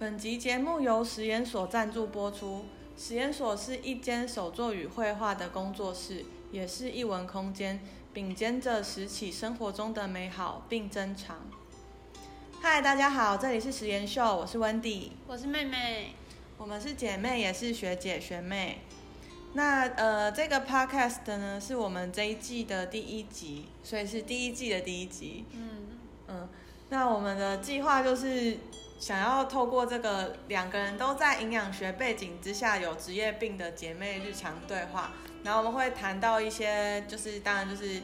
本集節目由食研所贊助播出。食研所是一間手作與繪畫的工作室，也是藝文空間，並肩着拾起生活中的美好並珍藏。嗨，大家好，這裡是食研秀，我是 Wendy，我是妹妹，我們是姐妹，也是學姐學妹。那呃，這個 Podcast 呢，是我們這一季的第一集，所以是第一季的第一集。嗯嗯、呃。那我們的計劃就是。想要透過這個兩個人都在營養學背景之下有職業病的姐妹日常對話，然後我們會談到一些，就是當然就是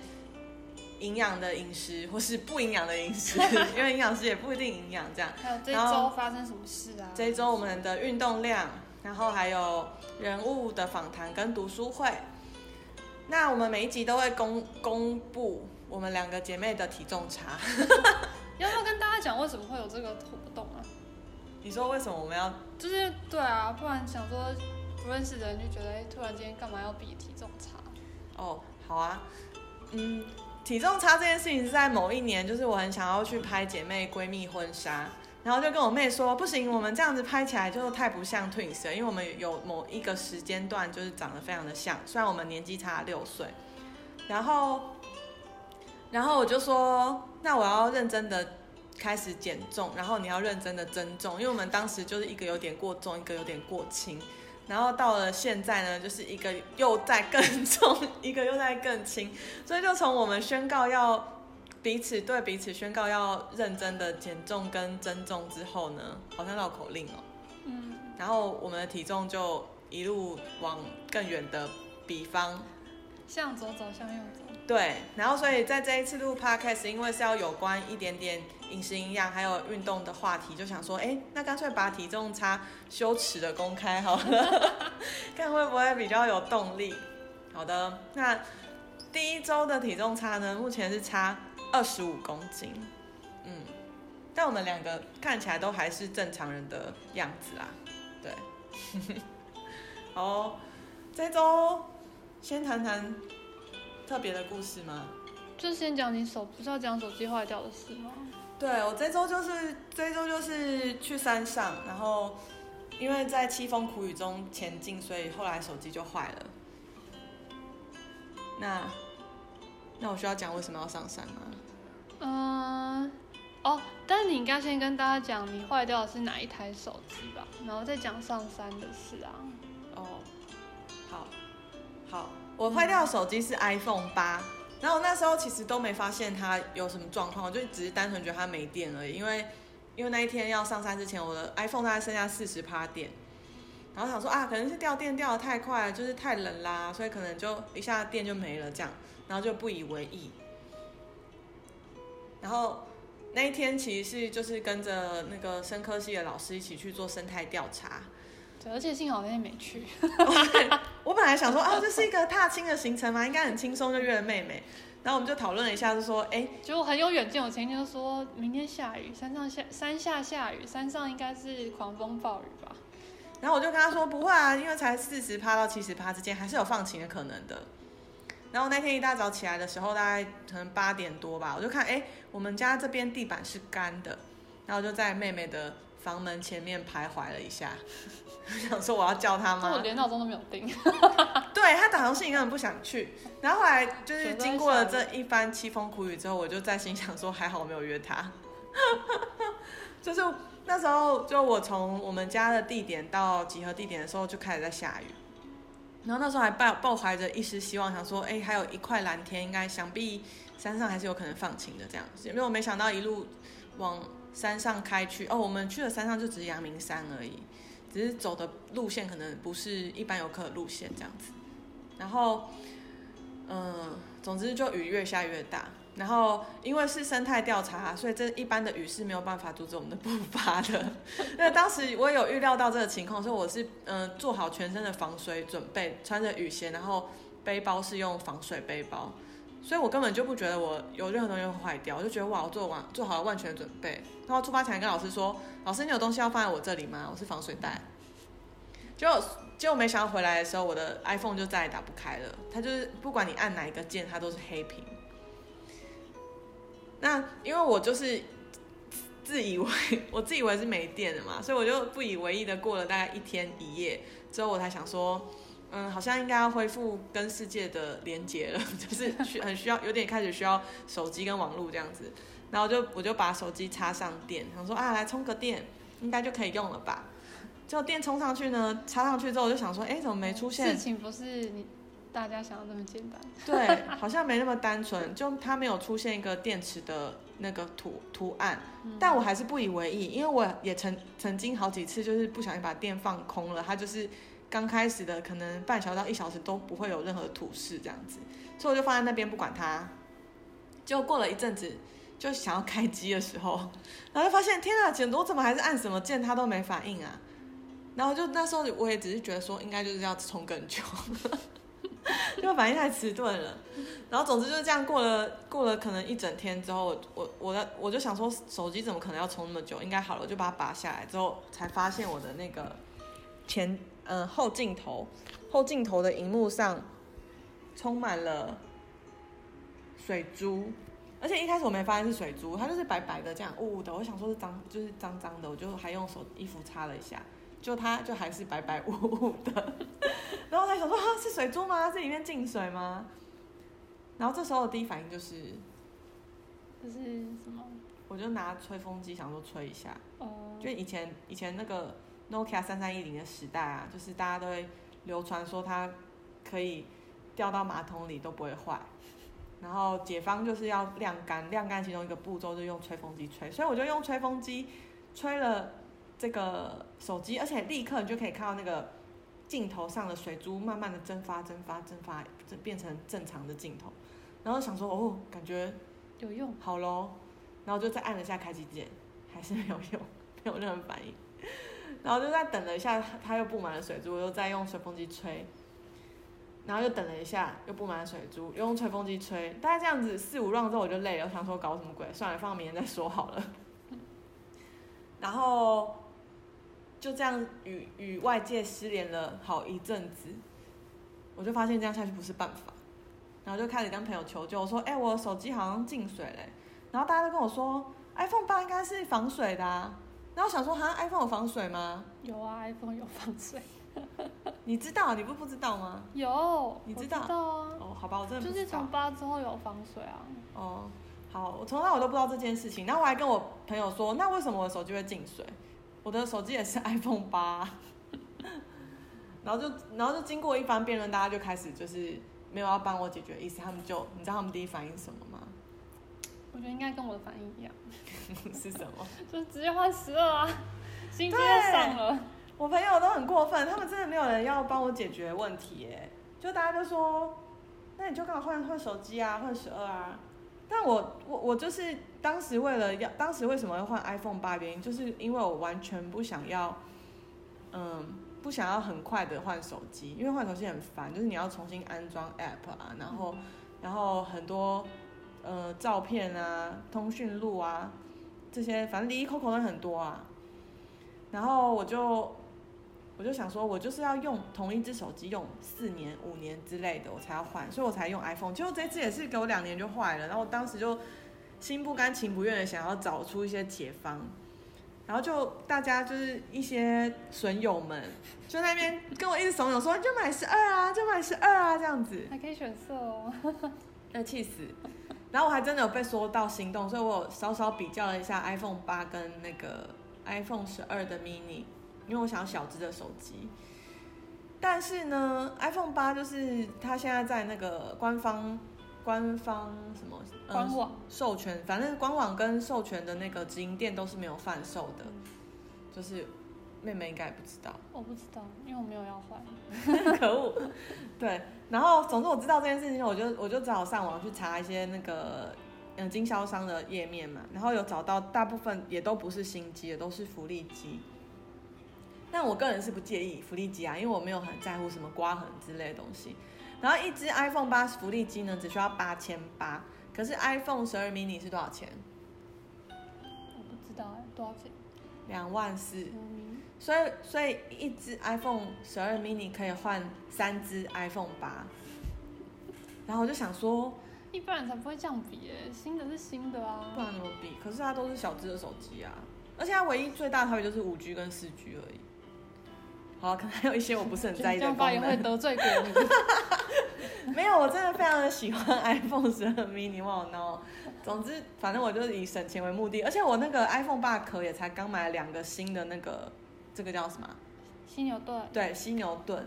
營養的飲食或是不營養的飲食， 因為營養師也不一定營養這樣。還有這一周發生什麼事啊？這一周我們的運動量，然後還有人物的訪談跟讀書會。那我們每一集都會公公布我們兩個姐妹的體重差。 要不要跟大家講為什麼會有這個活動啊？你說為什麼我們要？就是對啊，不然想說不認識的人就覺得，哎，突然間幹嘛要比體重差？哦，好啊，嗯，體重差這件事情是在某一年，就是我很想要去拍姐妹閨蜜婚紗，然後就跟我妹說，不行，我們這樣子拍起來就太不像 twins 了，因為我們有某一個時間段就是長得非常的像，雖然我們年紀差六歲，然後，然後我就說。那我要認真的開始減重，然後你要認真的增重，因為我們當時就是一個有點過重，一個有點過輕，然後到了現在呢，就是一個又在更重，一個又在更輕，所以就從我們宣告要彼此對彼此宣告要認真的減重跟增重之後呢，好像繞口令哦、喔，嗯，然後我們的體重就一路往更遠的比方，向左走，向右走。對，然後所以在這一次錄 podcast，因為是要有關一點點飲食營養還有運動的話題，就想說，哎、欸，那乾脆把體重差羞恥的公開好了， 看會不會比較有動力。好的，那第一周的體重差呢，目前是差二十五公斤，嗯，但我們兩個看起來都還是正常人的樣子啦，對， 好，這周先談談。特別的故事嗎？就先講你手，不是要講手機壞掉的事嗎？對，我這周就是這周就是去山上，然後因為在淒風苦雨中前進，所以後來手機就壞了。那那我需要講為什麼要上山嗎？嗯，哦，但是你應該先跟大家講你壞掉的是哪一台手機吧，然後再講上山的事啊。哦，好，好。我壞掉的手機是 iPhone 8，然後我那時候其實都沒發現它有什麼狀況，我就只是單純覺得它沒電而已。因為，因為那一天要上山之前，我的 iPhone 大概剩下四十趴電，然後想說啊，可能是掉電掉的太快了，就是太冷啦、啊，所以可能就一下電就沒了這樣，然後就不以為意。然後那一天其實是就是跟着那個生科系的老師一起去做生態調查。而且幸好那天沒去。 okay, 我本來想說，啊，這是一個踏青的行程嘛，應該很輕鬆就約了妹妹。然後我們就討論了一下，就說，哎、欸，就很有遠見。我前天就說明天下雨，山上下山下下雨，山上應該是狂風暴雨吧。然後我就跟他說，不會啊，因為才四十趴到七十趴之間，還是有放晴的可能的。然後那天一大早起來的時候，大概可能八點多吧，我就看，哎、欸，我們家這邊地板是乾的，然後我就在妹妹的。房門前面徘徊了一下，我想說我要叫他嗎？我連鬧鐘都沒有定。 對他打遊戲，你根本不想去。然後後來就是經過了這一番淒風苦雨之後，我就在心想說，還好我沒有約他。 就是那時候，就我從我們家的地點到集合地點的時候，就開始在下雨。然後那時候還抱抱懷着一絲希望，想說，哎，還有一塊藍天，應該想必山上還是有可能放晴的這樣。因為我沒想到一路往。山上開去哦，我們去了山上就只是陽明山而已，只是走的路線可能不是一般遊客的路線這樣子。然後，嗯、呃，總之就雨越下越大。然後因為是生態調查、啊，所以這一般的雨是沒有辦法阻止我們的步伐的。 那當時我有預料到這個情況，所以我是嗯、呃、做好全身的防水準備，穿着雨鞋，然後背包是用防水背包。所以我根本就不覺得我有任何東西會壞掉，我就覺得哇，我做完做好了萬全的準備。然後出發前跟老師說：“老師，你有東西要放在我這裡嗎？我是防水袋。”結果結果沒想到回來的時候，我的 iPhone 就再也打不開了。它就是不管你按哪一個鍵，它都是黑屏。那因為我就是自以為，我自以為是沒電了嘛，所以我就不以為意的過了大概一天一夜之後，我才想說。嗯，好像應該要恢復跟世界的連接了，就是需很需要，有點開始需要手機跟網絡這樣子。然後就我就把手機插上電，想說啊，來充個電，應該就可以用了吧。結果電充上去呢，插上去之後我就想說，哎，怎麼沒出現？事情不是你大家想的那麼簡單。對，好像沒那麼單純，就它沒有出現一個電池的那個圖圖案。但我還是不以為意，因為我也曾曾經好幾次就是不小心把電放空了，它就是。剛開始的可能半小時到一小時都不會有任何圖示這樣子，所以我就放在那邊不管它。結果過了一陣子，就想要開機的時候，然後就發現天啊，簡直我怎麼還是按什麼鍵它都沒反應啊？然後就那時候我也只是覺得說，應該就是要充更久，因 為反應太遲鈍了。然後總之就是這樣過了過了可能一整天之後，我我我的我就想說手機怎麼可能要充那麼久？應該好了，我就把它拔下來之後，才發現我的那個前。嗯，後鏡頭，後鏡頭的熒幕上充滿了水珠，而且一開始我沒發現是水珠，它就是白白的這樣霧霧的。我想說，是髒，就是髒髒的，我就還用手衣服擦了一下，就它就還是白白霧霧的。 然後他想說，啊，是水珠嗎？是裡面進水嗎？然後這時候的第一反應就是，這是什麼？我就拿吹風機想說吹一下，哦，呃，就以前以前那個。Nokia 三三一零的時代啊，就是大家都會流傳說它可以掉到馬桶裡都不會壞。然後解方就是要晾乾，晾乾其中一個步驟就用吹風機吹。所以我就用吹風機吹了這個手機，而且立刻你就可以看到那個鏡頭上的水珠慢慢的蒸發、蒸發、蒸發，變成正常的鏡頭。然後想說哦，感覺有用，好咯，然後就再按了一下開機鍵，還是沒有用，沒有任何反應。然後就在等了一下，它又佈滿了水珠，我又再用吹風機吹，然後又等了一下，又佈滿了水珠，又用吹風機吹。大概這樣子四五浪之後，我就累了，我想說搞什麼鬼，算了，放了明天再說好了。 然後就這樣與與外界失聯了好一陣子，我就發現這樣下去不是辦法，然後就開始跟朋友求救，我說：哎、欸，我手機好像進水嘞。然後大家都跟我說，iPhone 8應該是防水的、啊。然後想說，哈、啊，iPhone 有防水嗎？有啊，iPhone 有防水。 你知道、啊？你不不知道嗎？有，你知道、啊。哦、啊，oh, 好吧，我真的不知道。就是從八之後有防水啊。哦，oh, 好，我從來我都不知道這件事情。然後我還跟我朋友說，那為什麼我的手機會進水？我的手機也是 iPhone 八。 然後就，然後就經過一番辯論，大家就開始就是沒有要幫我解決的意思。他們就，你知道他們第一反應是什麼嗎？我覺得應該跟我的反應一樣， 是什麼？ 就是直接換十二啊，新機要上了。我朋友都很過分，他們真的沒有人要幫我解決問題，耶。就大家都說，那你就剛好換換手機啊，換十二啊。但我我我就是當時為了要，當時為什麼要換 iPhone 八？原因就是因為我完全不想要，嗯，不想要很快的換手機，因為換手機很煩，就是你要重新安裝 App 啊，然後、嗯、然後很多。呃，照片啊，通訊錄啊，這些反正離 Coco 都很多啊。然後我就我就想說，我就是要用同一只手機用四年、五年之類的，我才要換，所以我才用 iPhone。結果這次也是給我兩年就壞了，然後我當時就心不甘情不願的想要找出一些解方。然後就大家就是一些損友們，就在那邊跟我一直慫恿說，你就買十二啊，就買十二啊這樣子。還可以選色哦。那 氣死。然後我還真的有被說到心動，所以我有稍稍比較了一下 iPhone 八跟那個 iPhone 十二的 mini，因為我想要小只的手機。但是呢，iPhone 八就是它現在在那個官方、官方什麼、呃、官網、授權，反正官網跟授權的那個直營店都是沒有販售的。嗯、就是妹妹應該也不知道，我不知道，因為我沒有要換。 可惡，對。然後，總之我知道這件事情，我就我就只好上網去查一些那個嗯經銷商的頁面嘛，然後有找到大部分也都不是新機也都是福利機。但我個人是不介意福利機啊，因為我沒有很在乎什麼刮痕之類的東西。然後一支 iPhone 八福利機呢只需要八千八，可是 iPhone 十二 mini 是多少錢？我不知道哎，多少錢？兩萬四。所以，所以一只 iPhone 十二 mini 可以換三只 iPhone 八，然後我就想說，一般人才不會這樣比，欸，新的是新的啊，不然怎麼比？可是它都是小只的手機啊，而且它唯一最大的差別就是五 G 跟四 G 而已。好，可能還有一些我不是很在意的方面，這樣發言會得罪閨蜜。 沒有，我真的非常的喜歡 iPhone 十二 mini，哇 no 總之，反正我就是以省錢為目的，而且我那個 iPhone 八殼也才剛買兩個新的那個。這個叫什麼？犀牛盾。對，犀牛盾。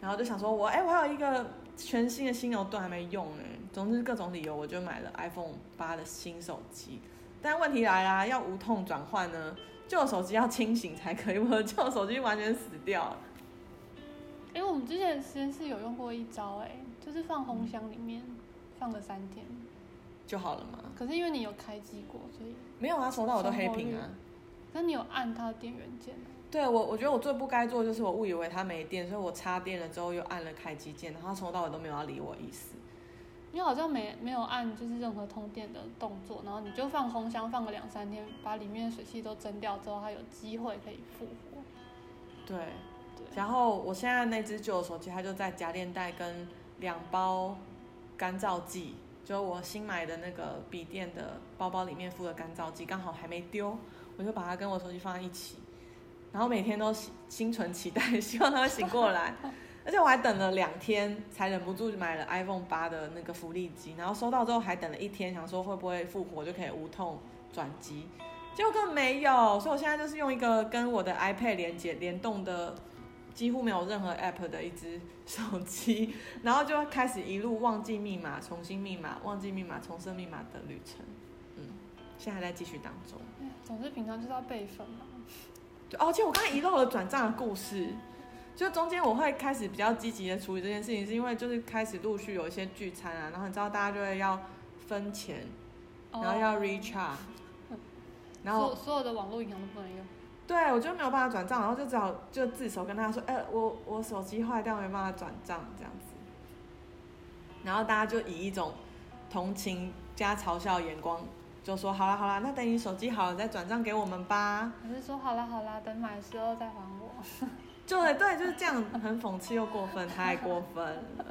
然後就想說我，我哎，我還有一個全新的犀牛盾還沒用呢。總之各種理由，我就買了 iPhone 八的新手機。但問題來啦，要無痛轉換呢，舊手機要清醒才可以，我舊手機完全死掉了。哎，我們之前的實驗室有用過一招哎，就是放烘箱裡面放個三天，就好了嗎？可是因為你有開機過，所以沒有啊，收到我都黑屏啊。但你有按它的電源鍵。對我，我覺得我最不該做的就是我誤以為它沒電，所以我插電了之後又按了開機鍵，然後它從頭到尾都沒有要理我意思。因為好像沒沒有按就是任何通電的動作，然後你就放烘箱放個兩三天，把裡面的水汽都蒸掉之後，它有機會可以復活。對，對。然後我現在那只舊手機它就在夾鏈袋跟兩包乾燥劑，就我新買的那個筆電的包包裡面附的乾燥劑，剛好還沒丟，我就把它跟我手機放在一起。然後每天都心，心存期待，希望它會醒過來，而且我還等了兩天，才忍不住買了 iPhone 八的那個福利機，然後收到之後還等了一天，想說會不會復活就可以無痛轉機，結果更沒有，所以我現在就是用一個跟我的 iPad 連接聯動的，幾乎沒有任何 App 的一隻手機，然後就開始一路忘記密碼、重新密碼、忘記密碼、重設密碼的旅程，嗯，現在還在繼續當中。總之平常就是要備份嘛。哦，而且我剛才遺漏了轉賬的故事，就中間我會開始比較積極的處理這件事情，是因為就是開始陸續有一些聚餐啊，然後你知道大家就會要分錢，然後要 recharge，哦啊，然後所有的網絡銀行都不能用，對，我就沒有辦法轉賬，然後就只好就自首跟大家說，哎，我我手機壞掉，我沒辦法轉賬這樣子，然後大家就以一種同情加嘲笑的眼光。就說好了好了，那等你手機好了再轉賬給我們吧。我是說好了好了，等買的時候再還我。對 對，就是這樣，很諷刺又過分，太過分了。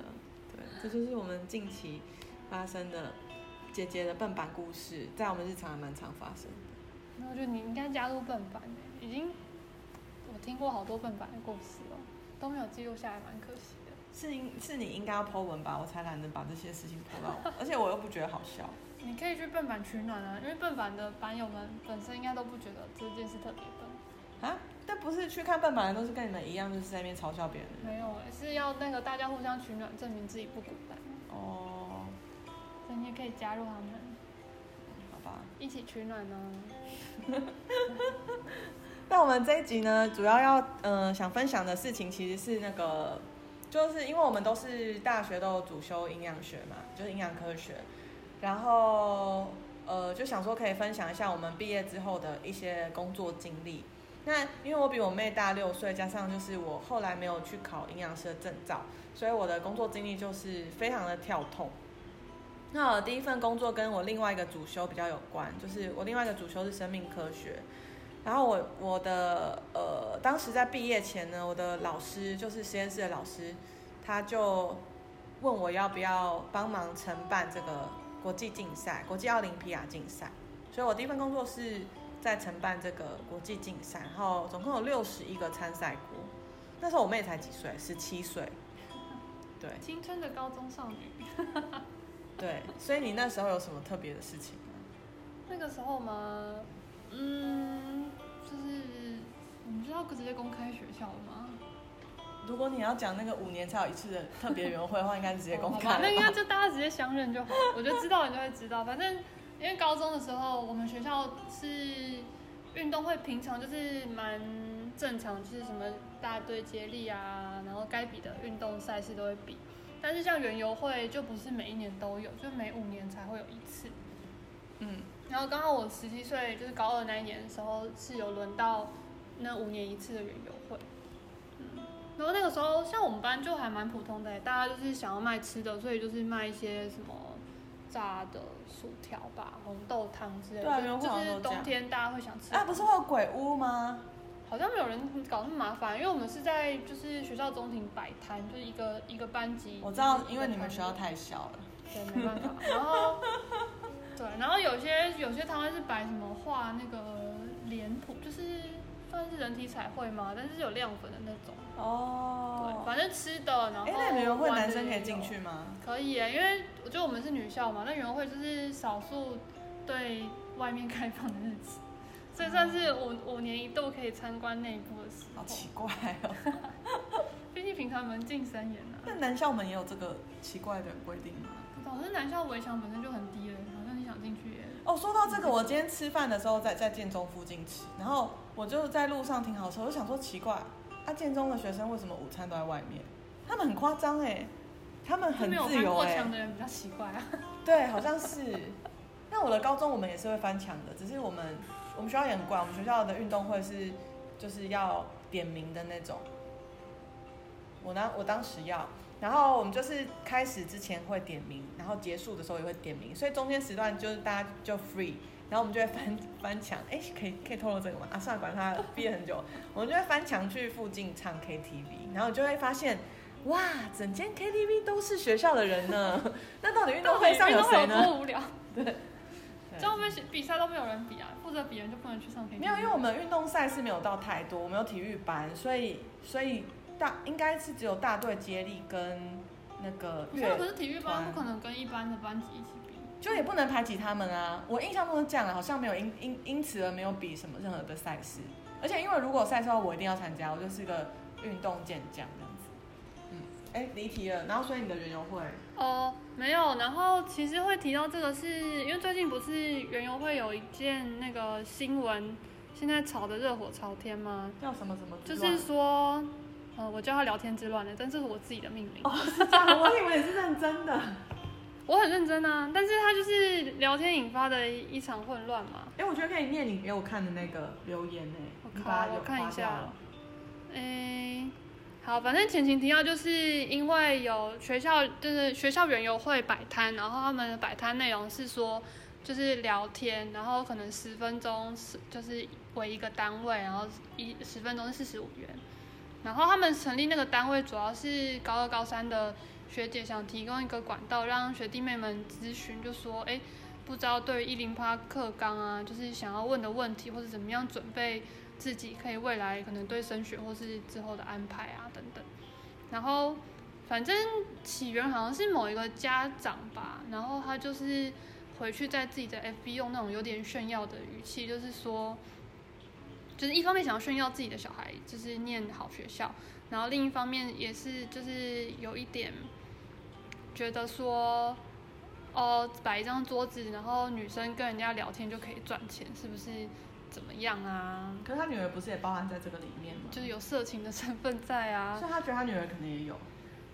對，這就是我們近期發生的姐姐的笨版故事，在我們日常還蠻常發生的。那就你應該加入笨版、欸、已經我聽過好多笨版的故事哦，都沒有記錄下來，蠻可惜的。是應是你應該要 po 文吧，我才懶得把這些事情 po 到， 而且我又不覺得好笑。你可以去笨板取暖啊，因為笨板的板友們本身應該都不覺得這件事特別笨啊。但不是去看笨板的都是跟你們一樣，就是在那邊嘲笑別人。沒有，是要那個大家互相取暖，證明自己不孤單。哦，那你也可以加入他們，好吧？一起取暖啊。那我們這一集呢，主要要嗯、呃、想分享的事情，其實是那個，就是因為我們都是大學都有主修營養學嘛，就是營養科學，然後，呃，就想說可以分享一下我們畢業之後的一些工作經歷。那因為我比我妹大六歲，加上就是我後來沒有去考營養師的證照，所以我的工作經歷就是非常的跳痛。那，呃，第一份工作跟我另外一個主修比較有關，就是我另外一個主修是生命科學。然後我我的呃，當時在畢業前呢，我的老師就是實驗室的老師，他就問我要不要幫忙承辦這個。國際競賽，國際奧林匹亞競賽，所以我的第一份工作是在承辦這個國際競賽，然後總共有六十一個參賽國。那時候我妹才幾歲？十七歲。對，青春的高中少女。 對，所以你那時候有什麼特別的事情嗎？那個時候嗎？嗯，就是你知道直接公開學校了嗎？如果你要講那個五年才有一次的特別園遊會的話，應該直接公開， 那應該就大家直接相認就好。 我就知道你就會知道，反正因為高中的時候，我們學校是運動會平常就是蠻正常，就是什麼大隊接力啊，然後該比的運動賽事都會比。但是像園遊會就不是每一年都有，就每五年才會有一次。嗯，然後剛好我十七歲，就是高二那一年的時候是有輪到那五年一次的園遊會。然後那個時候，像我們班就還蠻普通的，欸，大家就是想要賣吃的，所以就是賣一些什麼炸的薯條吧，紅豆湯之類的，對就是冬天大家會想吃。哎、啊，不是會有鬼屋嗎？好像沒有人搞那麼麻煩，因為我們是在就是學校中庭擺攤，就是一個一個班級。我知道，因為你們學校太小了，對，沒辦法。 然後對，然後有些有些攤位是擺什麼畫那個臉譜，就是。算是人體彩繪嗎？但是有亮粉的那種哦。Oh. 對，反正吃的，然後。哎、欸，那園遊會男生可以進去嗎？可以啊，因為我覺得我們是女校嘛，那園遊會就是少數對外面開放的日子，oh. 所以算是五五年一度可以參觀內部的時候。好奇怪哦，畢 竟平常門禁森嚴啊。那男校門也有這個奇怪的規定嗎？老師男校圍牆本身就很低了。哦，說到這個，我今天吃飯的時候在在建中附近吃，然後我就在路上停好車，我就想說奇怪，啊建中的學生為什麼午餐都在外面？他們很誇張哎，他們很自由哎、欸。沒有翻過牆的人比較奇怪、啊、對，好像是。那 我的高中我們也是會翻牆的，只是我們我們學校也很怪。我們學校的運動會是就是要點名的那種。我呢，我當時要。然後我們就是開始之前會點名，然後結束的時候也會點名，所以中間時段就是大家就 free，然後我們就會翻翻牆，哎，可以可以透露這個嗎？啊，算了，管他，畢業很久， 我們就會翻牆去附近唱 K T V，然後就會發現，哇，整間 K T V 都是學校的人呢。那到底運動會上有誰呢？多無聊。對，就後面比賽都沒有人比啊，負責別人就不能去上 KTV。沒有，因為我們運動賽是沒有到太多，我們有體育班，所以所以。嗯應該是只有大隊接力跟那個，現在不是體育班，不可能跟一般的班級一起比，就也不能排擠他們啊！我印象中是這樣的，啊，好像沒有因因因此而沒有比什麼任何的賽事，而且因為如果賽事的話，我一定要參加，我就是一個運動健將這樣子。嗯，欸，離題了。然後所以你的園遊會哦，呃，沒有。然後其實會提到這個是，是因為最近不是園遊會有一件那個新聞，現在炒得熱火朝天嗎？叫什麼什麼？就是說。我叫他“聊天之亂”的，但是這是我自己的命令。哦，是這樣，我以為你是認真的。 我很認真啊，但是他就是聊天引發的一,一場混亂嘛。哎、欸，我覺得可以念你給我看的那個留言呢。我看 Okay,，我看一下。哎、欸，好，反正前情提要就是因為有學校，就是學校園遊會擺攤，然後他們擺攤內容是說就是聊天，然後可能十分鐘是就是為一個單位，然後一十分鐘是四十五元。然後他們成立那個單位，主要是高二、高三的學姐想提供一個管道，讓學弟妹們諮詢，就說，哎，不知道對於一零八課綱啊，就是想要問的問題，或者怎麼樣準備自己可以未來可能對升學或是之後的安排啊等等。然後，反正起源好像是某一個家長吧，然後他就是回去在自己的 FB 用那種有點炫耀的語氣，就是說。就是一方面想要炫耀自己的小孩，就是念好學校，然後另一方面也是就是有一點覺得說，哦，擺一張桌子，然後女生跟人家聊天就可以賺錢，是不是怎麼樣啊？可是他女兒不是也包含在這個裡面嗎？就是有色情的成分在啊，所以他覺得他女兒可能也有。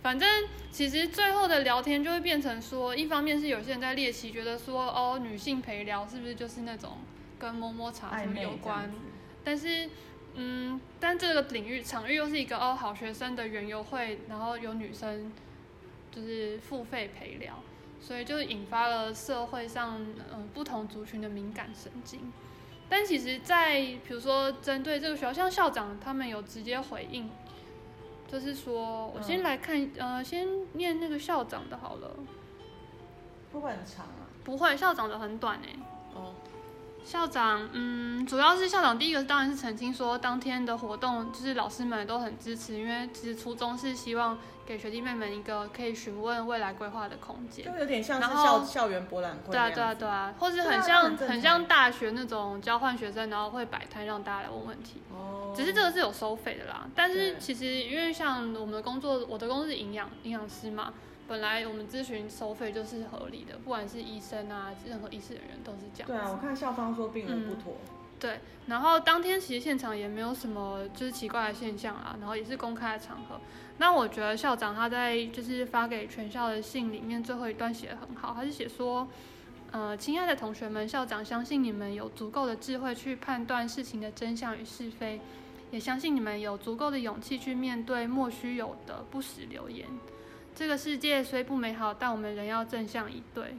反正其實最後的聊天就會變成說，一方面是有些人在獵奇，覺得說哦，女性陪聊是不是就是那種跟摸摸茶什麼有關？但是，嗯，但這個領域場域又是一個哦，好學生的園遊會，然後有女生就是付費陪聊，所以就引發了社會上嗯、呃、不同族群的敏感神經。但其實在，在比如說針對這個學校像校長，他們有直接回應，就是說我先來看，嗯、呃，先念那個校長的好了，不會很長啊，不會，校長的很短哎。校長，嗯，主要是校長。第一個當然是澄清說，當天的活動就是老師們都很支持，因為其實初衷是希望給學弟妹們一個可以詢問未來規劃的空間，就有點像是後校校園博覽會，啊，對啊對啊對啊，或是很像，啊，很，很像大學那種交換學生，然後會擺攤讓大家來問問題。哦，只是這個是有收費的啦。但是其實因為像我們的工作，我的工作是營養營養師嘛。本來我們諮詢收費就是合理的，不管是醫生啊，任何醫師人員都是這樣。對啊，我看校方說並無不妥，嗯。對，然後當天其實現場也沒有什麼就是奇怪的現象啊，然後也是公開的場合。那我覺得校長他在就是發給全校的信裡面最後一段寫得很好，他是寫說，呃，親愛的同學們，校長相信你們有足夠的智慧去判斷事情的真相與是非，也相信你們有足夠的勇氣去面對莫須有的不實留言。這個世界雖不美好，但我們仍要正向以對。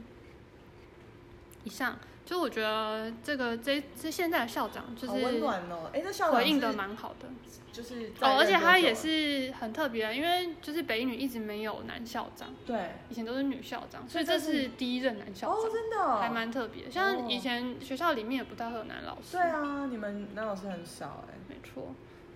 以上，就我覺得這個這這現在的校長就是好溫暖哦，哎，這校長回應的蠻好的，就、哦、是哦，而且他也是很特別的，因為就是北一女一直沒有男校長，對，以前都是女校長，所以，所以這是第一任男校長，哦，真的、哦，還蠻特別的。像以前學校裡面也不大會有男老師，對啊，你們男老師很少，哎，沒錯。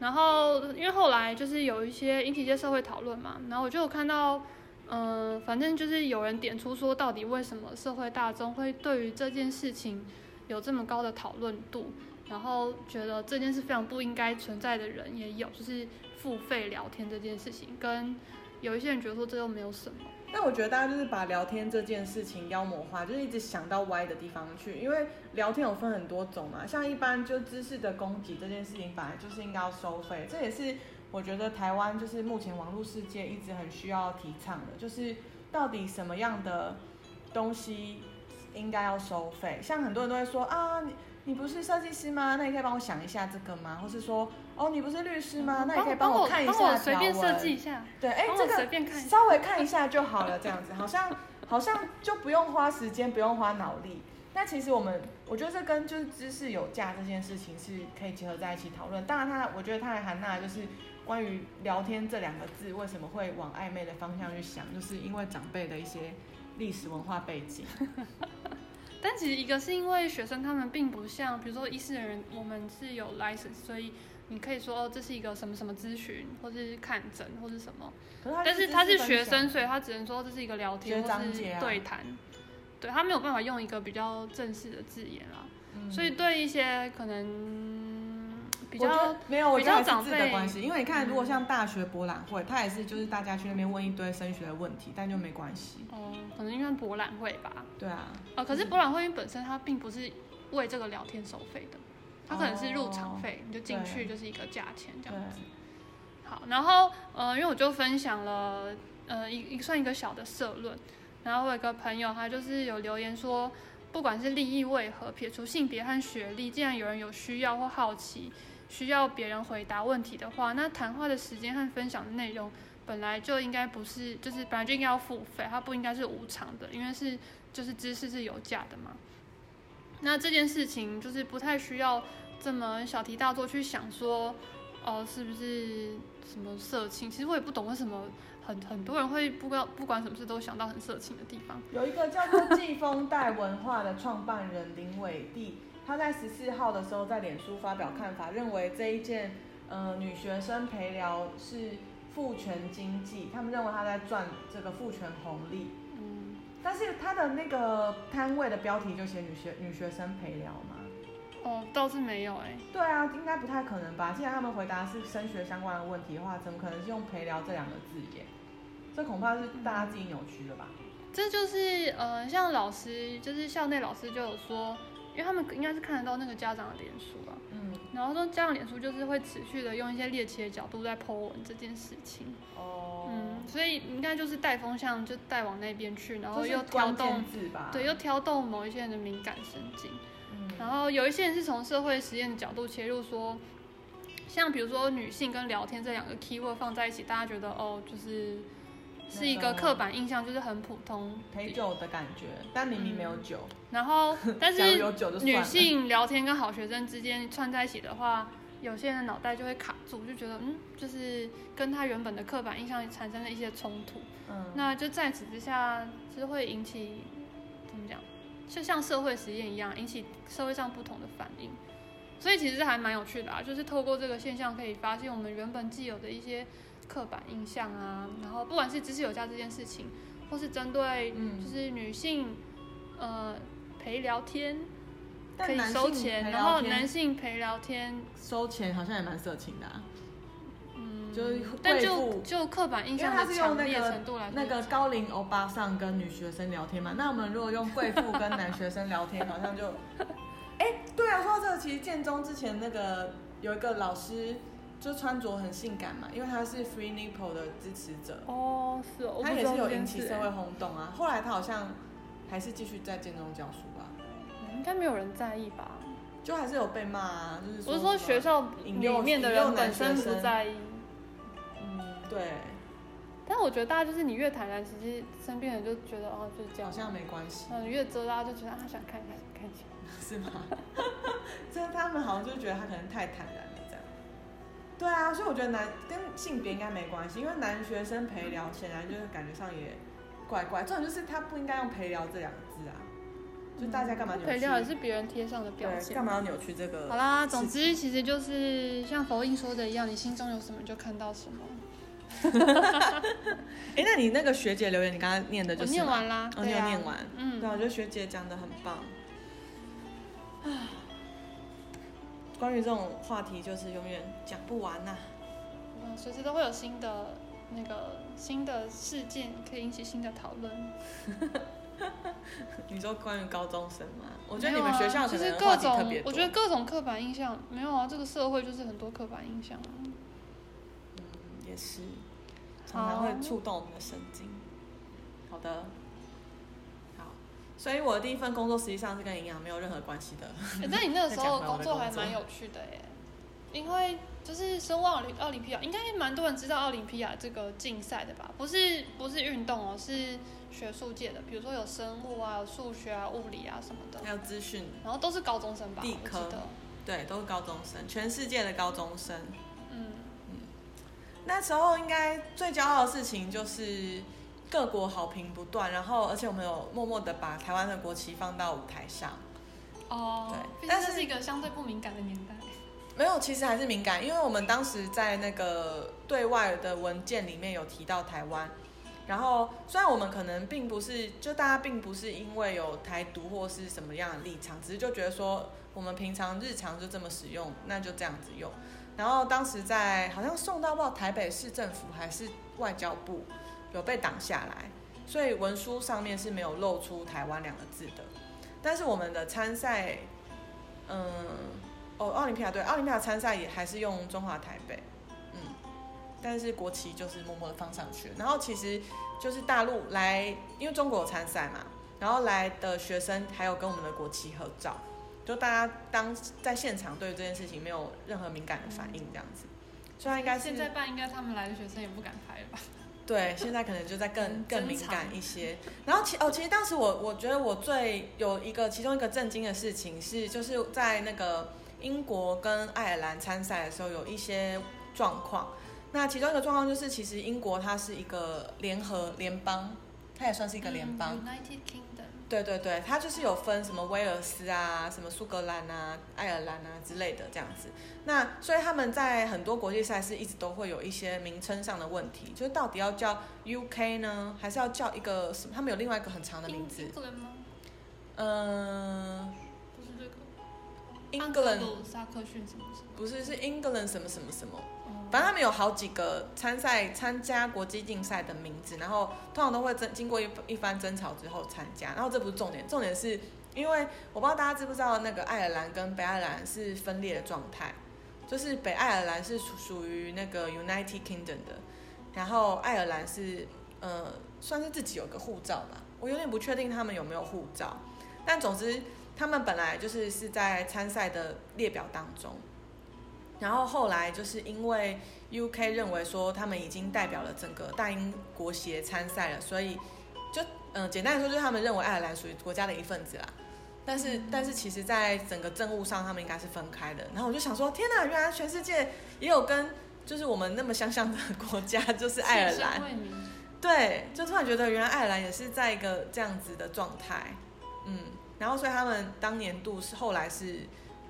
然後，因為後來就是有一些引起一,一些社會討論嘛，然後我就有看到，嗯、呃，反正就是有人點出說，到底為什麼社會大眾會對於這件事情有這麼高的討論度，然後覺得這件事非常不應該存在的人也有，就是付費聊天這件事情，跟有一些人覺得說這又沒有什麼。那我覺得大家就是把聊天這件事情妖魔化，就是一直想到歪的地方去。因為聊天有分很多種嘛，像一般就知識的供給這件事情，反而就是應該要收費。這也是我覺得台灣就是目前網絡世界一直很需要提倡的，就是到底什麼樣的東西應該要收費。像很多人都會說啊，你你不是設計師嗎？那你可以幫我想一下這個嗎？或是說。哦，你不是律師嗎？那你可以幫我看一下，幫我幫我幫我隨便設計一下。對，哎，這個稍微看一下就好了，這樣子好像好像就不用花時間，不用花腦力。那其實我們，我覺得這跟就是知識有價這件事情是可以結合在一起討論。當然，他，我覺得他還含納就是關於聊天這兩個字為什麼會往曖昧的方向去想，就是因為長輩的一些歷史文化背景。但其實一個是因為學生他們並不像，比如說醫師人員，我們是有 license，所以。你可以說這是一個什麼什麼諮詢，或是看診，或是什麼。是是，但是他是學生，所以他只能說這是一個聊天是、啊、或是對談。嗯、對，他沒有辦法用一個比較正式的字眼啊。嗯、所以對一些可能比較我覺得沒有比較長輩關係，因為你看，如果像大學博覽會，他、嗯、也是就是大家去那邊問一堆升學的問題，但就沒關係。哦、嗯嗯，可能因為博覽會吧。對啊，嗯、可是博覽會因為本身他並不是為這個聊天收費的。它可能是入場費，哦、你就進去就是一個價錢這樣子。好，然後呃，因為我就分享了呃一一算一個小的社論，然後我有個朋友他就是有留言說，不管是利益為何，撇除性別和學歷，既然有人有需要或好奇，需要別人回答問題的話，那談話的時間和分享的內容本來就應該不是，就是本來就應該要付費，它不應該是無償的，因為是就是知識是有價的嘛。那這件事情就是不太需要。這麼小題大做去想說，哦、呃，是不是什麼色情？其實我也不懂為什麼很很多人會不管不管什麼事都想到很色情的地方。有一個叫做季風帶文化的創辦人林韋地，他在十四號的時候在臉書發表看法，認為這一件，呃女學生陪聊是父權經濟，他們認為他在賺這個父權紅利。嗯，但是他的那個攤位的標題就寫女學女學生陪聊嘛。哦，倒是沒有哎、欸。對啊，應該不太可能吧？既然他們回答是升學相關的問題的話，怎麼可能是用陪聊這兩個字眼？這恐怕是大家自己扭曲了吧？嗯、這就是，呃，像老師，就是校內老師就有說，因為他們應該是看得到那個家長的臉書吧，嗯，然後說家長臉書就是會持續的用一些獵奇的角度在 po 文這件事情。哦。嗯，所以應該就是帶風向，就帶往那邊去，然後又挑動，對，又挑動某一些人的敏感神經。嗯、然後有一些人是從社會實驗的角度切入，說，像比如說女性跟聊天這兩個 keyword 放在一起，大家覺得哦，就是是一個刻板印象，種就是很普通陪酒的感覺，但明明沒有酒。嗯、然後，但是女性聊天跟好學生之間串在一起的話， 有些人腦袋就會卡住，就覺得嗯，就是跟他原本的刻板印象產生了一些衝突。嗯，那就在此之下，就是、會引起。就像社會實驗一樣，引起社會上不同的反應，所以其實還蠻有趣的啊。就是透過這個現象，可以發現我們原本既有的一些刻板印象啊。然後，不管是知識有價這件事情，或是針對，就是女性，嗯、呃，陪聊天，聊天可以收錢，然後男性陪聊天，收錢好像也蠻色情的啊。.就是貴婦、嗯，就刻板印象是他是用那個、那個、高齡歐巴桑跟女學生聊天嘛，那我們如果用貴婦跟男學生聊天， 好像就，哎、欸，對啊，說到這個，其實建中之前那個有一個老師，就穿着很性感嘛，因為他是 Free Nipple 的支持者。哦，oh, 是哦，他也是有引起社會轟動啊。後來他好像還是繼續在建中教書吧？應該沒有人在意吧？就還是有被罵啊，就是說，我是說學校裡面的人男生不在意？對，但我覺得大家就是你越坦然，其實身邊人就覺得哦，就是這樣，好像沒關係。嗯，越遮大家就覺得他、啊、想看，看，看看，是嗎？其實 他們好像就覺得他可能太坦然了，這樣。對啊，所以我覺得男跟性別應該沒關係，因為男學生陪聊顯然、嗯、就是感覺上也怪怪，重點就是他不應該用陪聊這兩個字啊，嗯、就大家幹嘛扭曲陪聊，也是別人貼上的標籤，幹嘛要扭曲這個？好啦，總之其實就是像佛印說的一樣，你心中有什麼就看到什麼。哎、 欸，那你那個學姐留言，你剛才念的就是我念完啦，哦、對、啊、念完。嗯，對、啊，我覺得學姐講得很棒。 關於這種話題，就是永遠講不完吶、啊。隨時都會有新的那個新的事件可以引起新的討論。 你說關於高中生嗎？我覺得你們學校的特、啊、就是各種，我覺得各種刻板印象沒有啊，這個社會就是很多刻板印象、啊。也是，常常會觸動我們的神經。好，好的，好，所以我的第一份工作實際上是跟營養沒有任何關係的。那、欸、你那個時候工作還蠻有趣的耶，的因為就是生物奧林匹亞，應該蠻多人知道奧林匹亞這個競賽的吧？不是不是運動哦，是學術界的，比如說有生物啊、數學啊、物理啊什麼的，還有資訊，然後都是高中生吧？地科的，對，都是高中生，全世界的高中生。那時候應該最驕傲的事情就是各國好評不斷，然後而且我們有默默地把台灣的國旗放到舞台上。哦，對，但是是一個相對不敏感的年代。沒有，其實還是敏感，因為我們當時在那個對外的文件裡面有提到台灣，然後雖然我們可能並不是，就大家並不是因為有台獨或是什麼樣的立場，只是就覺得說我們平常日常就這麼使用，那就這樣子用。然後當時在好像送到不知道台北市政府還是外交部有被擋下來，所以文書上面是沒有露出台灣兩個字的。但是我們的參賽，嗯，哦，奧林匹亞隊，奧林匹亞參賽也還是用中華台北，嗯，但是國旗就是默默的放上去。然後其實就是大陸來，因為中國有參賽嘛，然後來的學生還有跟我們的國旗合照。就大家當在現場對這件事情沒有任何敏感的反應這樣子，雖然應該現在辦，應該他們來的學生也不敢拍吧？對，現在可能就在更更敏感一些。然後其哦，其實當時我我覺得我最有一個其中一個震驚的事情是，就是在那個英國跟愛爾蘭參賽的時候有一些狀況。那其中一個狀況就是，其實英國它是一個聯合聯邦，它也算是一個聯邦。對對對，他就是有分什麼威爾斯啊、什麼蘇格蘭啊、愛爾蘭啊之類的這樣子。那所以他們在很多國際賽事一直都會有一些名稱上的問題，就是到底要叫 UK 呢，還是要叫一個什麼？他們有另外一個很長的名字。英,英格蘭嗎？嗯、呃，不是這個。英格蘭撒克遜什麼什麼？不是，是 England 什麼什麼什麼。反正他們有好幾個參賽參加國際競賽的名字，然後通常都會爭經過一一番爭吵之後參加。然後這不是重點，重點是因為我不知道大家知不知道那個愛爾蘭跟北愛爾蘭是分裂的狀態，就是北愛爾蘭是屬屬於那個 United Kingdom 的，然後愛爾蘭是呃算是自己有個護照嘛，我有點不確定他們有沒有護照，但總之他們本來就是是在參賽的列表當中。然後後來就是因為 UK 認為說他們已經代表了整個大英國協參賽了，所以就嗯、呃，簡單來說就是他們認為愛爾蘭屬於國家的一份子啦。但是但是其實在整個政務上他們應該是分開的。然後我就想說，天哪，原來全世界也有跟就是我們那麼相像的國家，就是愛爾蘭。對，就突然覺得原來愛爾蘭也是在一個這樣子的狀態，嗯。然後所以他們當年度是後來是。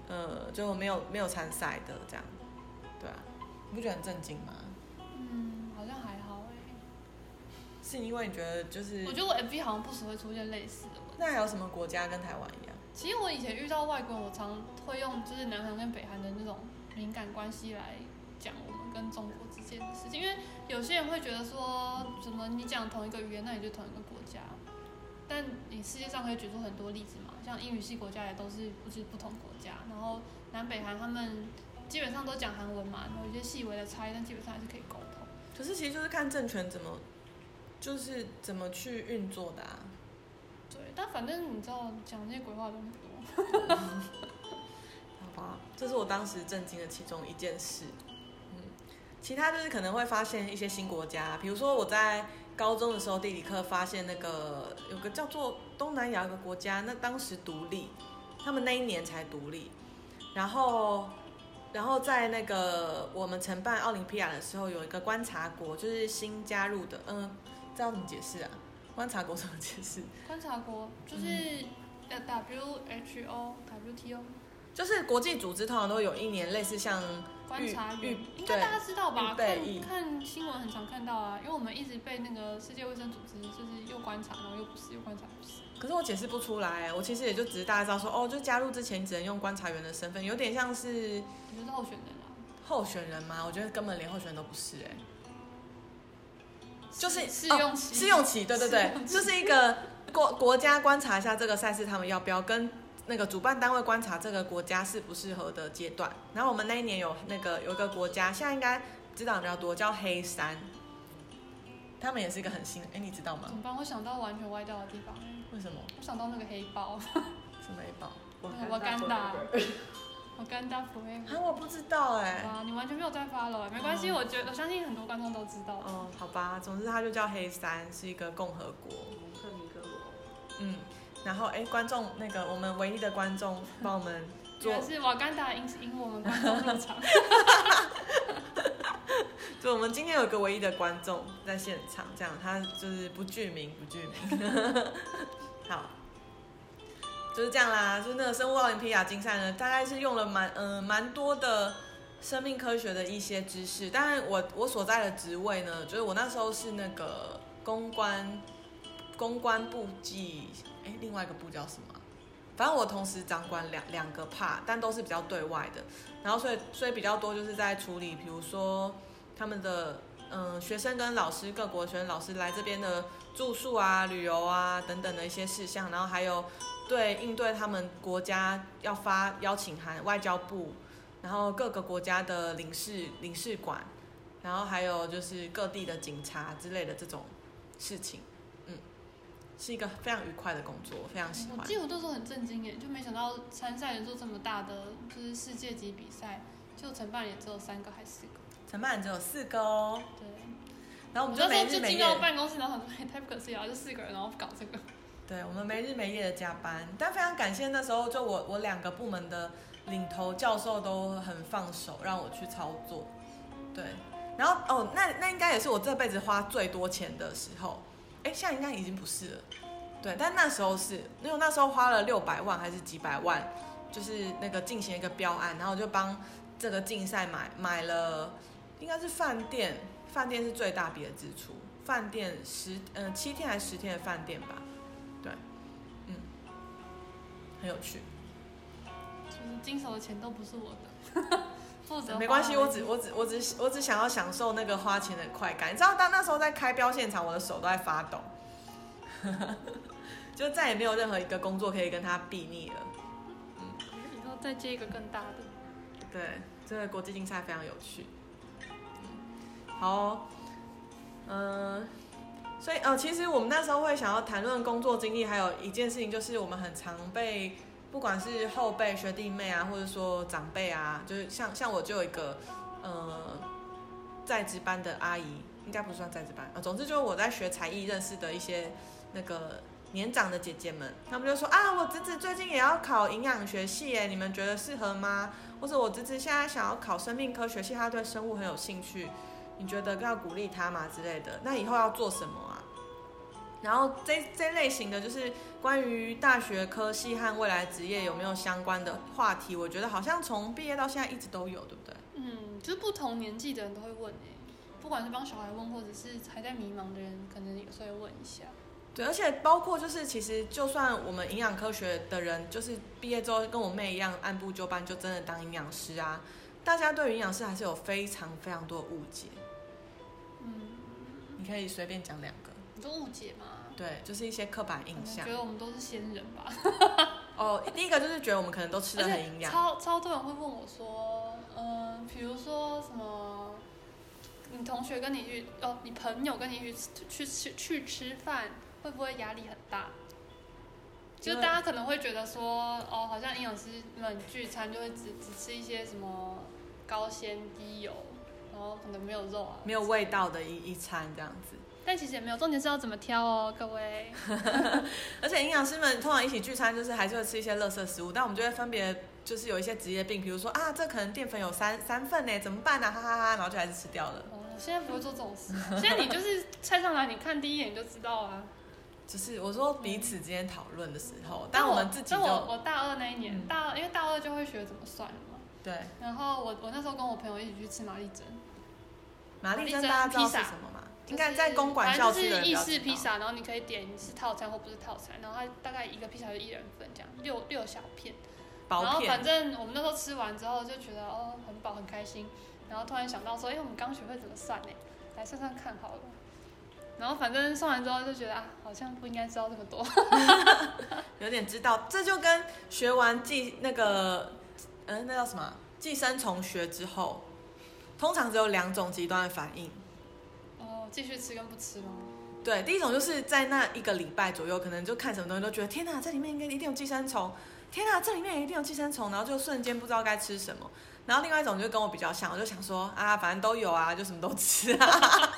呃，就沒有沒有參賽的這樣，對啊，你不覺得很震驚嗎？嗯，好像還好哎、欸。是因為你覺得就是？我覺得我 FB 好像不時會出現類似的問題。那還有什麼國家跟台灣一樣？其實我以前遇到外國人，我常會用就是南韓跟北韓的那種敏感關係來講我們跟中國之間的事情，因為有些人會覺得說，怎麼你講同一個語言，那你就同一個。但你世界上可以舉出很多例子嘛，像英語系國家也都是不是不同國家，然後南北韓他們基本上都講韓文嘛，有些細微的差異，但基本上還是可以溝通。可是其實就是看政權怎麼，就是怎麼去運作的啊。對，但反正你知道講那些鬼話都很多。 好吧，這是我當時震驚的其中一件事。嗯，其他就是可能會發現一些新國家，比如說我在。高中的時候地理課發現那個有個叫做東南亞一個國家，那當時獨立，他們那一年才獨立，然後然後在那個我們承辦奧林匹亞的時候有一個觀察國，就是新加入的，嗯，這要怎麼解釋啊？觀察國怎麼解釋？觀察國就是 W H O、嗯、W T O，就是國際組織通常都有一年類似像。觀察員，應該大家知道吧？備看看新聞很常看到啊，因為我們一直被那個世界衛生組織就是又觀察，然後又不是又觀察，不是。可是我解釋不出來，欸，我其實也就只是大家知道說哦，就加入之前只能用觀察員的身份，有點像是。你就是候選人啊。候選人嗎？我覺得根本連候選人都不是哎、欸。試就是試用期，哦。試用期，對對對，就是一個國國家觀察一下這個賽事，他們要不要跟。那個主辦單位觀察這個國家適不適合的階段，然後我們那一年有那個有一個國家，現在應該知道比較多，叫黑山，他們也是一個很新，的哎，你知道嗎？怎麼辦？我想到完全歪掉的地方。為什麼？我想到那個黑豹。什麼黑豹？瓦干達豹。瓦干達。哎，我不知道哎、欸。哇，你完全沒有再發了，沒關係，好我覺得我相信很多觀眾都知道。哦，好吧，總之他就叫黑山，是一個共和國。嗯。然後哎，觀眾那個我們唯一的觀眾幫我們做，是瓦干達贏，是贏我們觀眾一場。就我們今天有個唯一的觀眾在現場，這樣他就是不具名，不具名。 好，就是這樣啦。就是那個生物奧林匹亞競賽呢，大概是用了蠻嗯、呃、蠻多的生命科學的一些知識。當然，我我所在的職位呢，就是我那時候是那個公關。公關部及哎，另外一個部叫什麼啊？反正我同時掌管兩兩個 part，但都是比較對外的。然後，所以所以比較多就是在處理，比如說他們的嗯學生跟老師，各國學生老師來這邊的住宿啊、旅遊啊等等的一些事項。然後還有對應對他們國家要發邀請函，外交部，然後各個國家的領事領事館，然後還有就是各地的警察之類的這種事情。是一個非常愉快的工作，我非常喜歡。我幾乎都是很震驚耶，就沒想到參賽人做這麼大的，就是世界級比賽，就承辦也只有三個還是四個？承辦人只有四個哦。對。然後我們就每天進到辦公室，然後想說，太不可思議了，就四個人然後搞這個。對我們沒日沒夜的加班， 但非常感謝那時候就我我兩個部門的領頭教授都很放手讓我去操作。對。然後哦，那那應該也是我這輩子花最多錢的時候。誒，現在應該已經不是了，對，但那時候是，因為那時候花了六百萬還是幾百萬，就是那個進行一個標案，然後就幫這個競賽買買了，應該是飯店，飯店是最大筆的支出，飯店十嗯、呃、七天還是十天的飯店吧，對，嗯，很有趣，其實經手的錢都不是我的。 嗯、沒關係，我只我只我只我只，我只想要享受那個花錢的快感。你知道，當那時候在開標現場，我的手都在發抖， 就再也沒有任何一個工作可以跟他比擬了。嗯，以後再接一個更大的。對，這個國際競賽非常有趣。好、哦，嗯、呃，所以呃，其實我們那時候會想要談論工作經歷，還有一件事情就是我們很常被。不管是後輩學弟妹啊，或者說長輩啊，就是像像我就有一個，呃，在職班的阿姨，應該不算在職班啊，呃。總之就是我在學才藝認識的一些那個年長的姐姐們，他們就說啊，我姪子最近也要考營養學系誒，你們覺得適合嗎？或者我姪子現在想要考生命科學系，他對生物很有興趣，你覺得要鼓勵他嘛之類的？那以後要做什麼？然後這這類型的就是關於大學科系和未來職業有沒有相關的話題，我覺得好像從畢業到現在一直都有，對不對？嗯，就是不同年紀的人都會問，欸，不管是幫小孩問，或者是還在迷茫的人，可能也會問一下。對，而且包括就是其實就算我們營養科學的人，就是畢業之後跟我妹一樣按部就班，就真的當營養師啊。大家對於營養師還是有非常非常多的誤解。嗯，你可以隨便講兩個，你說誤解嗎？對，就是一些刻板印象。覺得我們都是仙人吧？ 哦，第一個就是覺得我們可能都吃的很營養。超超多人會問我說，嗯、呃，比如說什麼，你同學跟你去，哦，你朋友跟你去去，去，去，去吃去吃飯，會不會壓力很大？了就大家可能會覺得說，哦，好像營養師們聚餐就會只只吃一些什麼高纖低油，然後可能沒有肉啊，沒有味道的一一餐這樣子。但其實也沒有，重點是要怎麼挑哦，各位。 而且營養師們通常一起聚餐，就是還是會吃一些垃圾食物，但我們就會分別，就是有一些職業病，比如說啊，這可能澱粉有三三份呢，怎麼辦呢、啊？哈，哈哈哈，然後就還是吃掉了。哦、現在不會做這種事、啊， 現在你就是菜上來，你看第一眼你就知道啊。只是我說彼此之間討論的時候，嗯、但我們自己就我，我，我大二那一年，大二、嗯、因為大二就會學怎麼算了嘛。對。然後我我那時候跟我朋友一起去吃瑪麗珍，瑪麗珍大家披薩什麼？你看，應該在公館校吃的，是意式披薩，然後你可以點一次套餐或不是套餐，然後它大概一個披薩就一人份這樣，六六小片，薄片。然後反正我們那時候吃完之後就覺得哦，很飽，很開心。然後突然想到說，哎、欸，我們剛學會怎麼算呢？來算算看好了。然後反正算完之後就覺得啊，好像不應該知道這麼多， 有點知道。這就跟學完寄那個，嗯、呃，那叫什麼寄生蟲學之後，通常只有兩種極端的反應。繼續吃跟不吃嗎？對，第一種就是在那一個禮拜左右，可能就看什麼東西都覺得天吶，這裡面應該一定有寄生蟲，天哪，這裡面一定有寄生蟲，然後就瞬間不知道該吃什麼。然後另外一種就跟我比較像，我就想說啊，反正都有啊，就什麼都吃啊，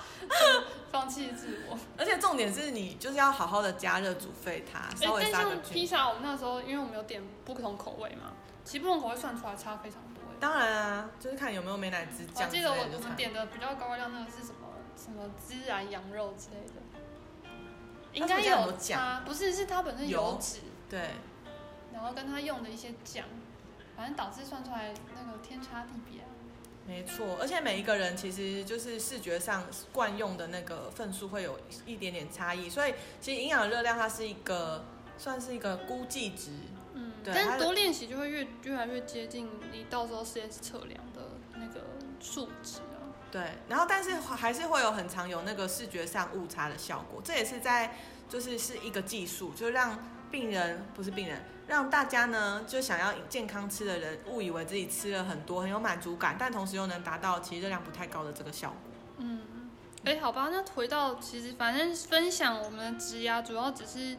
放棄自我。而且重點是你就是要好好的加熱煮沸它，稍微殺菌。但像披薩，我們那時候因為我們有點不同口味嘛，其實不同口味算出來差非常多。當然啊，就是看有沒有美乃滋醬，啊，記得我們點的比較高熱量那個是什麼？什麼孜然羊肉之類的，應該有醬，不是，是它本身油脂，對，然後跟它用的一些醬，反正導致算出來那個天差地別。沒錯，而且每一個人其實就是視覺上慣用的那個份數會有一點點差異，所以其實營養熱量它是一個算是一個估計值，嗯，對。但是多練習就會越、越來越接近你到時候實驗室測量的那個數值。對，然後但是還是會有很常有那個視覺上誤差的效果，這也是在就是是一個技術，就讓病人不是病人，讓大家呢就想要健康吃的人誤以為自己吃了很多很有滿足感，但同時又能達到其實熱量不太高的這個效果。嗯，哎，好吧，那回到其實反正分享我們的職涯，啊，主要只是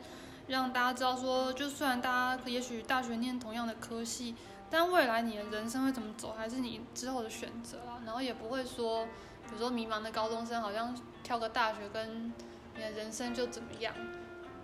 讓大家知道說，就算大家也許大學念同樣的科系。但未來你的人生會怎麼走，還是你之後的選擇啦。然後也不會說，比如說迷茫的高中生，好像挑個大學，跟你的人生就怎麼樣，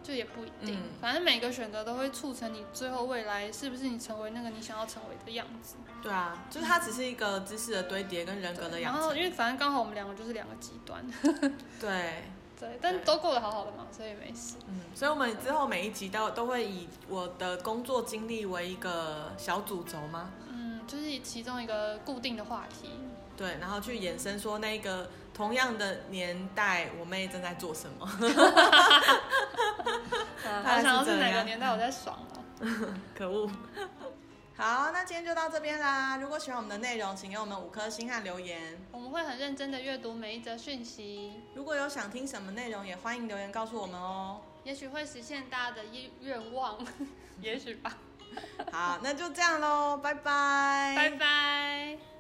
就也不一定。嗯、反正每個選擇都會促成你最後未來是不是你成為那個你想要成為的樣子。對啊，就是它只是一個知識的堆疊跟人格的養成、嗯。然後因為反正剛好我們兩個就是兩個極端。 對。對，但都過得好好的嘛，對所以沒事。嗯，所以我們之後每一集都都會以我的工作經歷為一個小主軸嗎？嗯，就是以其中一個固定的話題。對，然後去衍生說那個同樣的年代，我妹正在做什麼？她想到是哪個年代我在爽啊？ 可惡。好，那今天就到這邊啦。如果喜歡我們的內容，請給我們五顆星和留言，我們會很認真的閱讀每一則訊息。如果有想聽什麼內容，也歡迎留言告訴我們哦，也許會實現大家的願望， 也許吧。好，那就這樣嘍，拜拜，拜拜。